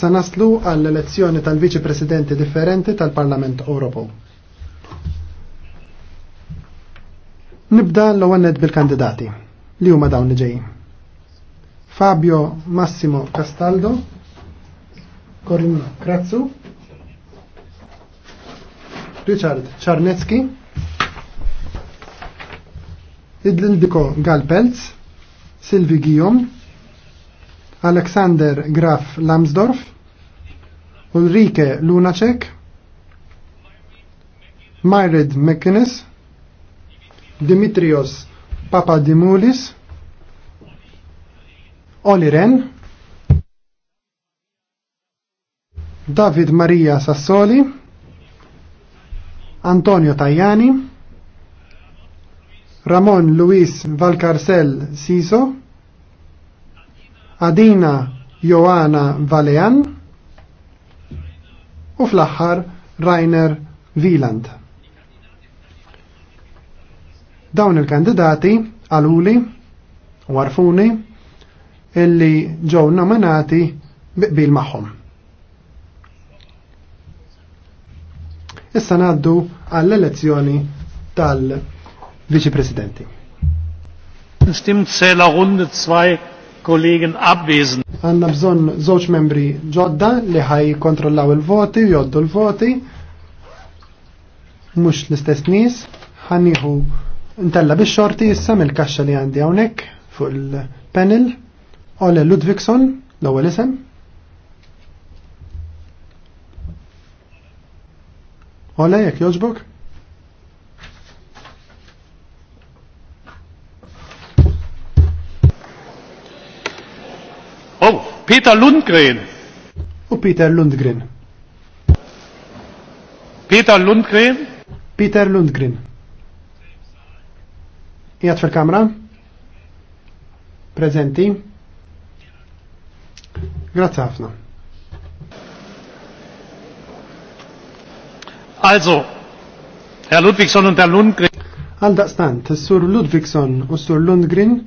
Sa naslu għall-elezzjoni tal-Viċi Presidenti differenti tal-Parlament Ewropew. Nibda l-għannet bil-kandidati li huma dawn li ġejjin. Fabio Massimo Castaldo, Corinna Krazzu, Richard Czarnecki, Idlildiko Galpelz, Silvi Guillaume, Alexander Graf Lamsdorf, Ulrike Lunacek, Myred Mekines, Dimitrios Papadimulis, Ren, David Maria Sassoli, Antonio Tajani, Ramon Luis Valcarcel Siso, Adina Joana Valean, u fl-aħħar Rainer Wieland. Dawn il-kandidati għaluli u għarfuni illi ġew nominati biqbil magħhom. Issa ngħaddu għall-elezzjoni tal-Viċi Presidenti. Stimmt Zähler Runde 2 Kollegen abwesend għanna bżon żewġ membri ġodda li ħaj kontrollaw il-voti, joddu l-voti, mux l-istess nis, ħanniħu ntella bix xorti issa mill-kaxxa li għandi hawnhekk fuq il-panel, Ole Ludvigson, l-ewwel isem. Ole, jekk joġbok? Peter Lundgren. U Peter Lundgren. Peter Lundgren. Peter Lundgren. Jgħat fil-kamra? Prezenti? Grazie ħafna. Also, Herr Ludwigson und Herr Lundgren. Għalda stant, s-sur Ludwigson u s-sur Lundgren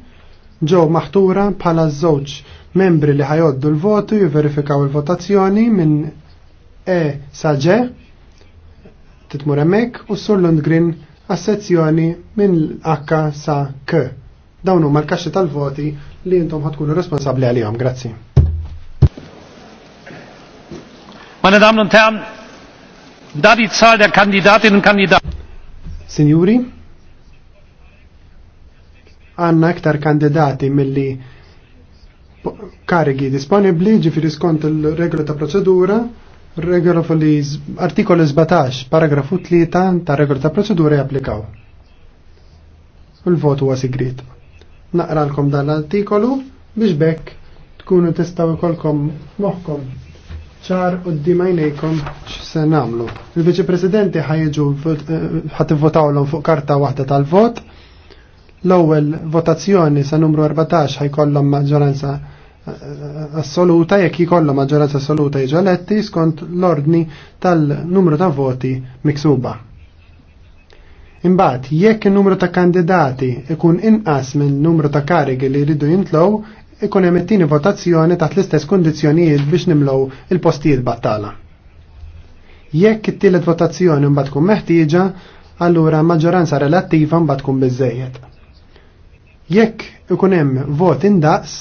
ġew maħtura bħala żewġ Membri li ħajoddu l-votu jiverifikaw il-votazzjoni minn E sa G titmur hemmhekk u Sur Lundgren għas-sezzjoni minn H sa K. Dawn huma l-kaxxi tal-voti li intom ħatkunu responsabbli għalihom. Grazzi. Mane damn un Herren, da die Zahl der Kandidatinnen und Kandidaten. Signori, għanna iktar kandidati mill-li karigi disponibli ġifiri skont il-regola ta' proċedura, regola fulli artikolu 17, paragrafu 3 ta' regola ta' proċedura japplikaw. E u l-vot huwa sigrit. Naqralkom dan l-artikolu biex bekk tkunu testaw kolkom moħkom ċar u d-dimajnejkom x'se namlu. Il-Viċi Presidenti ħajġu eh, ħativvotawlhom fuq karta waħda tal-vot. L-ewwel votazzjoni sa numru 14 ħajkollhom maġġoranza assoluta jekk jikollhom maġġoranza assoluta jiġu eletti skont l-ordni tal-numru ta' voti miksuba. Imbagħad jekk in-numru ta' kandidati ikun inqas minn numru ta' karigi li jridu jintlow, ikun hemm it-tieni votazzjoni taħt l-istess kundizzjonijiet biex nimlow il-postijiet battala. Jekk it-tielet votazzjoni mbagħad tkun meħtieġa, allura maġġoranza relattiva mbagħad tkun biżejjed. Jekk ikun hemm vot indaqs,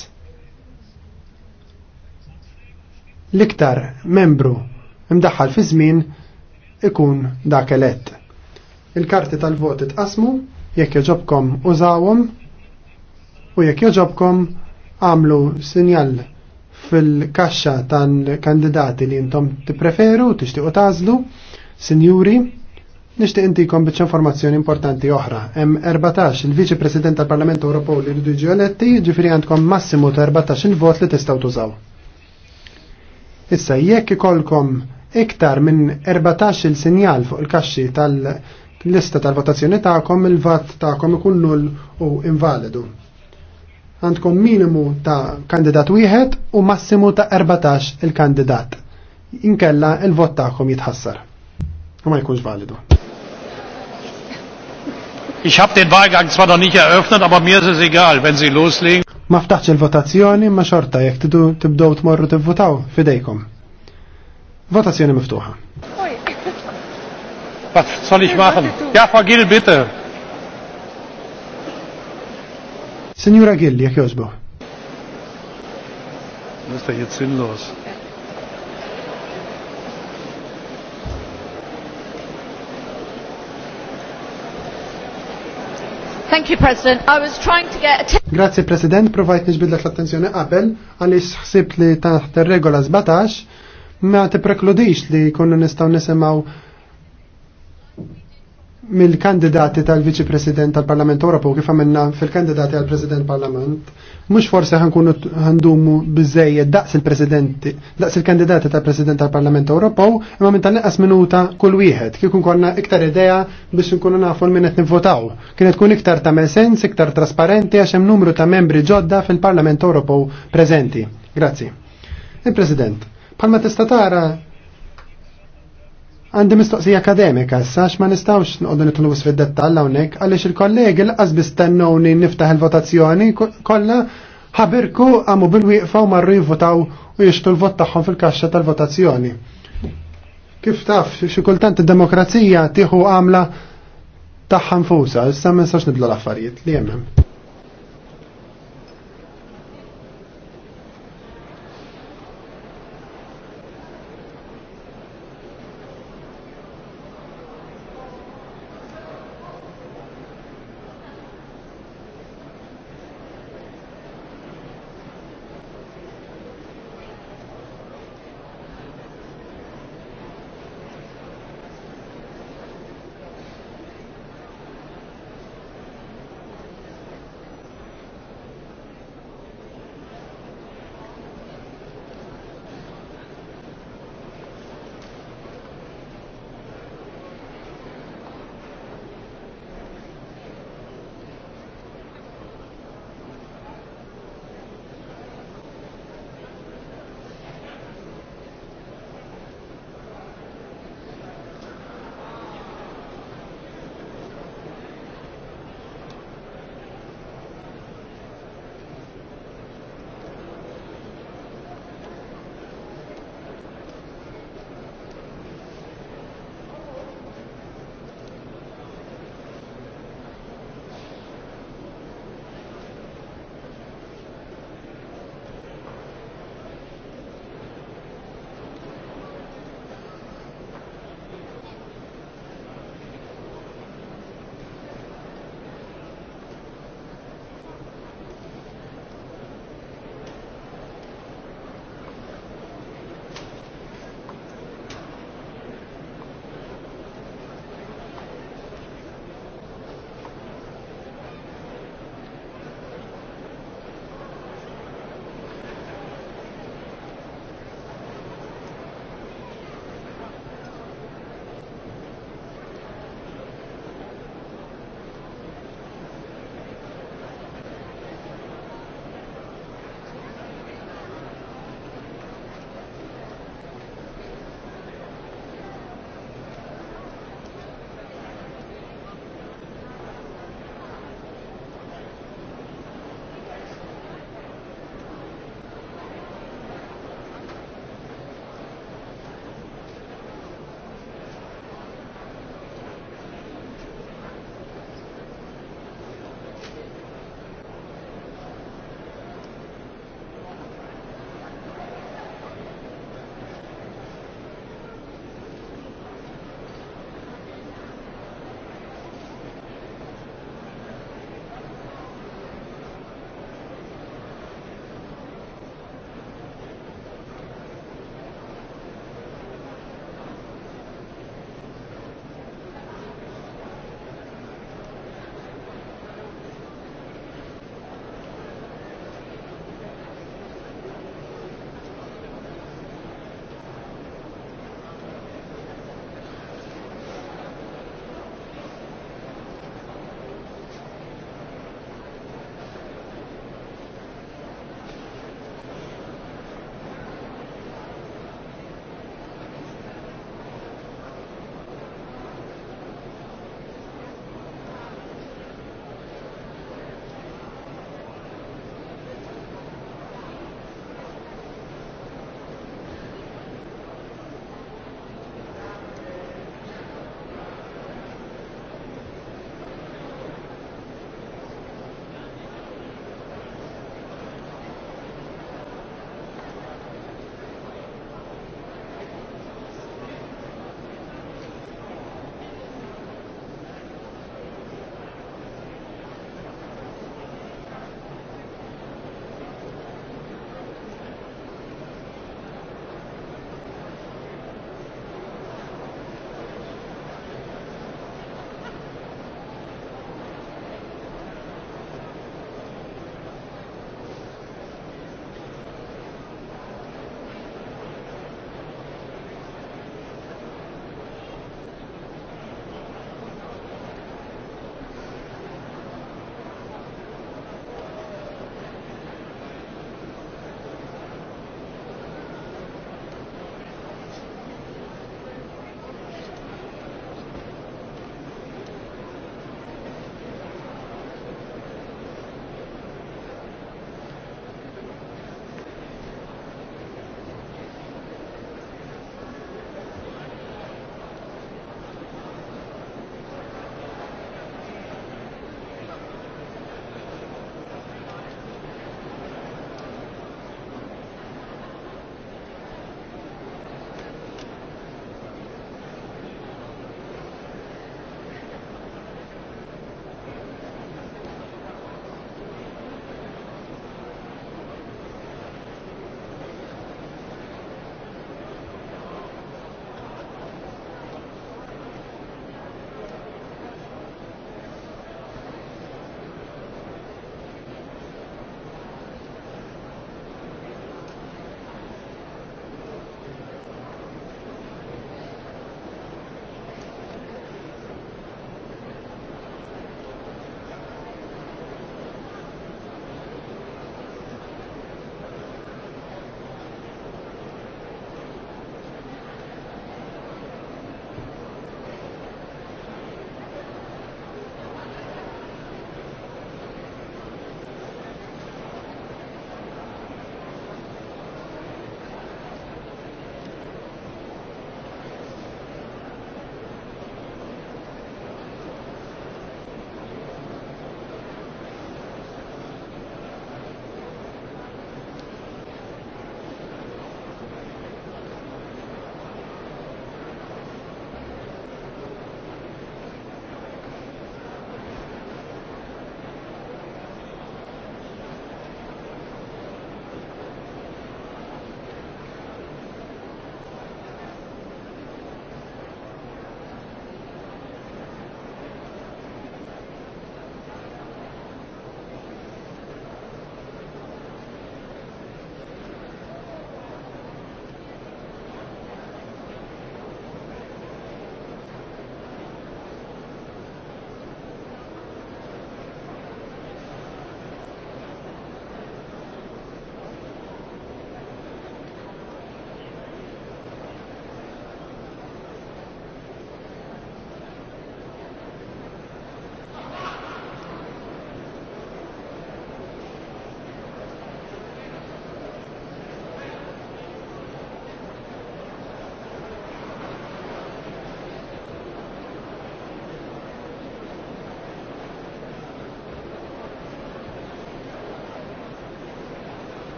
l-iktar membru imdaħħal fi żmien ikun dak elett. Il-karti tal-vot itqasmu jekk joġobkom użawhom u jekk joġobkom għamlu sinjal fil-kaxxa tal-kandidati li intom tippreferu, tixtiequ tażlu, sinjuri, nixtieq intikom biex informazzjoni importanti oħra. M 14 il-Viċi President tal-Parlament Ewropew li rridu jiġu ġifieri għandkom massimu ta' 14 il-vot li tistgħu tużaw. Issa jekk ikolkom iktar minn 14 il sinjal fuq il-kaxxi tal-lista tal-votazzjoni tagħkom il-vat tagħkom ikun null u invalidu. Għandkom minimu ta' kandidat wieħed u massimu ta' 14 il-kandidat. Inkella il-vot tagħkom jitħassar. U ma jkunx validu. Ich habe den Wahlgang zwar noch nicht eröffnet, aber mir ist es egal, wenn Sie loslegen. Ma ftaħx il-votazzjoni ma xorta jekk tidu tibdow tmorru tivvotaw fidejkom. Votazzjoni miftuħa. Was soll ich machen? Ja, Frau Gill, bitte. Signora Gill, jekk jozbu. Das ist jetzt sinnlos. Thank you, President. I was trying to get... Grazie, President. Provajt nġbidlek l-attenzjoni qabel, għalix xsibt li taħt regola 17, ma te prekludix li konna nistaw nisimaw mill-kandidati tal-Viċi President tal-Parlament Ewropew kif għamilna fil-kandidati għal-President Parlament, mhux forsi ħankunu ħandumu biżejjed daqs il-Presidenti, daqs il-kandidati tal-President tal-Parlament Ewropew, imma minn tal-inqas minuta kull wieħed, kif konna iktar idea biex nkunu nafu minn qed nivvotaw. Kienet tkun iktar ta sens, iktar trasparenti għax hemm numru ta' membri ġodda fil-Parlament Ewropew preżenti. Grazzi. Il-President, bħalma tista' tara Għandi mistoqsija akademika, sax ma nistawx nqoddu nitlus fid-dettall hawnhekk għaliex il-kollegi laqas bistennowni niftaħ il-votazzjoni kollha ħabirku għamu bil-wieqfa u marru jivvotaw u jixtu l-vot tagħhom fil-kaxxa tal-votazzjoni. Kif taf, xi kultant id-demokrazija tieħu għamla tagħha nfusa, issa ma nistax nibdlu l-affarijiet li hemm.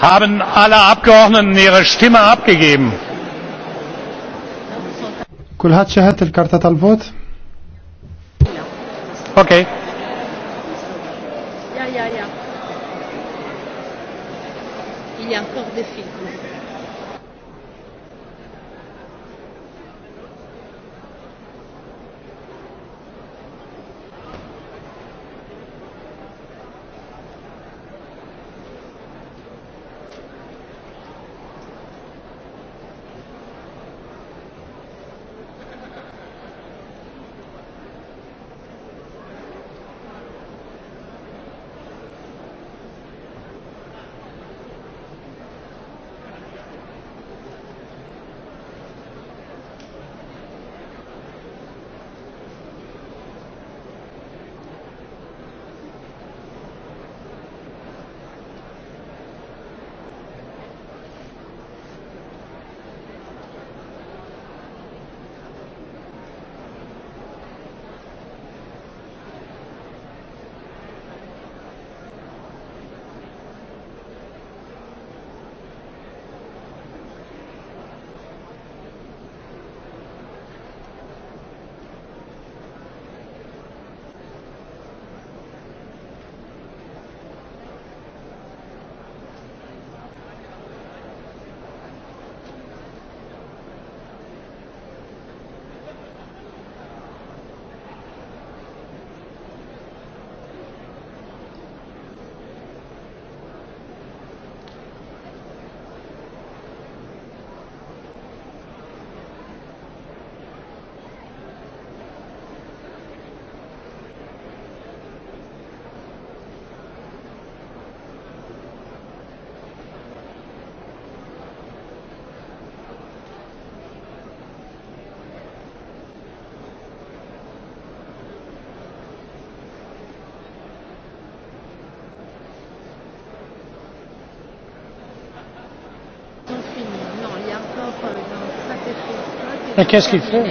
Haben alle Abgeordneten ihre Stimme abgegeben? Okay. Ja, ja, ja. Il y a encore des films. Mais qu'est-ce qu'il fait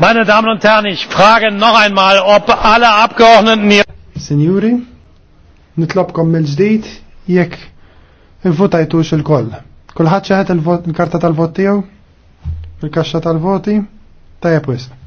Meine Damen und Herren, ich frage noch einmal, ob alle Abgeordneten hier... Signori, nitlobkom mill-ġdijt, jekk il-votajtux il-koll. Kolħat ċeħet il-karta tal-vot tijaw, il-kaxxa tal-voti, tajab wisq.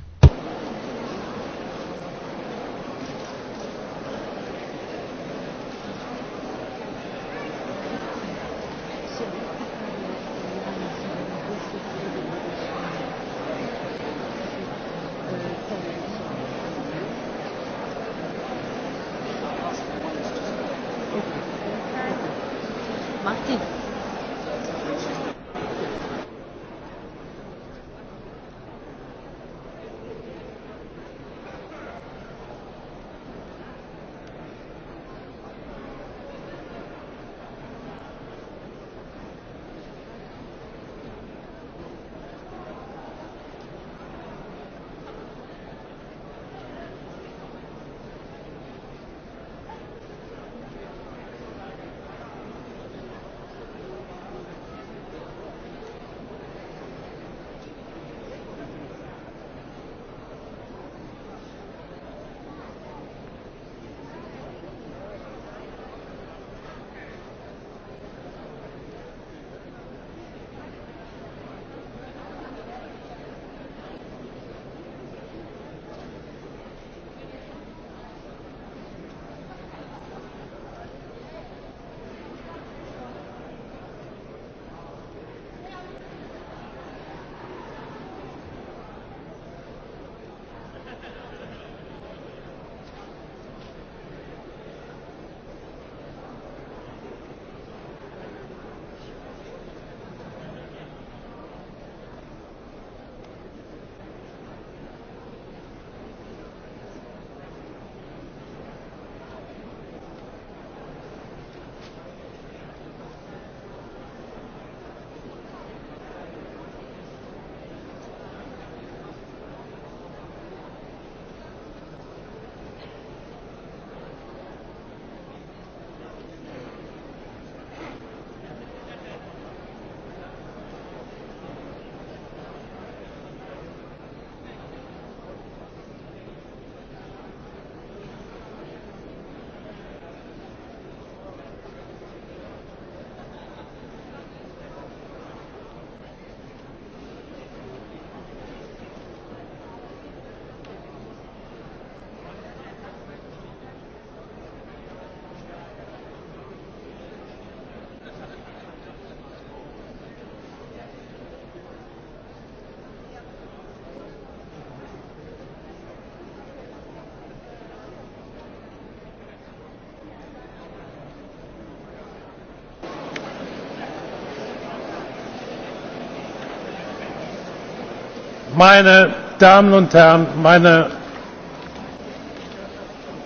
meine Damen und Herren, meine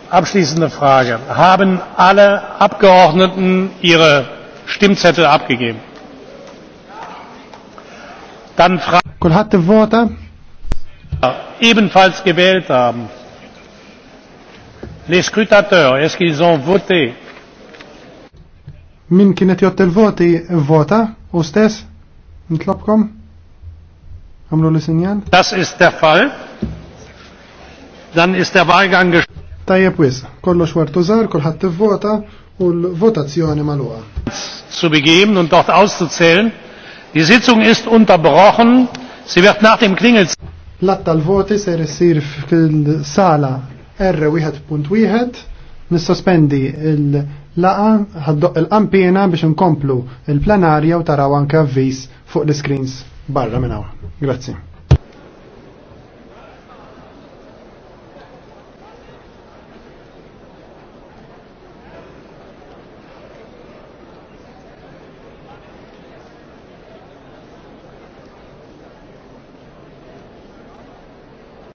abschließende Frage. Haben alle Abgeordneten ihre Stimmzettel abgegeben? Dann frage ebenfalls gewählt haben. Les scrutateurs, est-ce qu'ils ont voté? Min kienet jott il-voti vota u stess? n-tlopkom? Das ist der Fall. Dann ist der Wahlgang Tajjeb wis, kollox wartu żgħar, kulħadd tivvota u l-votazzjoni magħluqa. Zu begeben und dort auszuzählen. Die Sitzung ist unterbrochen. Sie wird nach dem Klingel L-att voti ser issir fil-sala R1.1 nissospendi il-laqa ħaddoq il-qampina biex nkomplu il-plenarja u taraw anke avviż fuq l-screens barra minn hawn. Grazzi.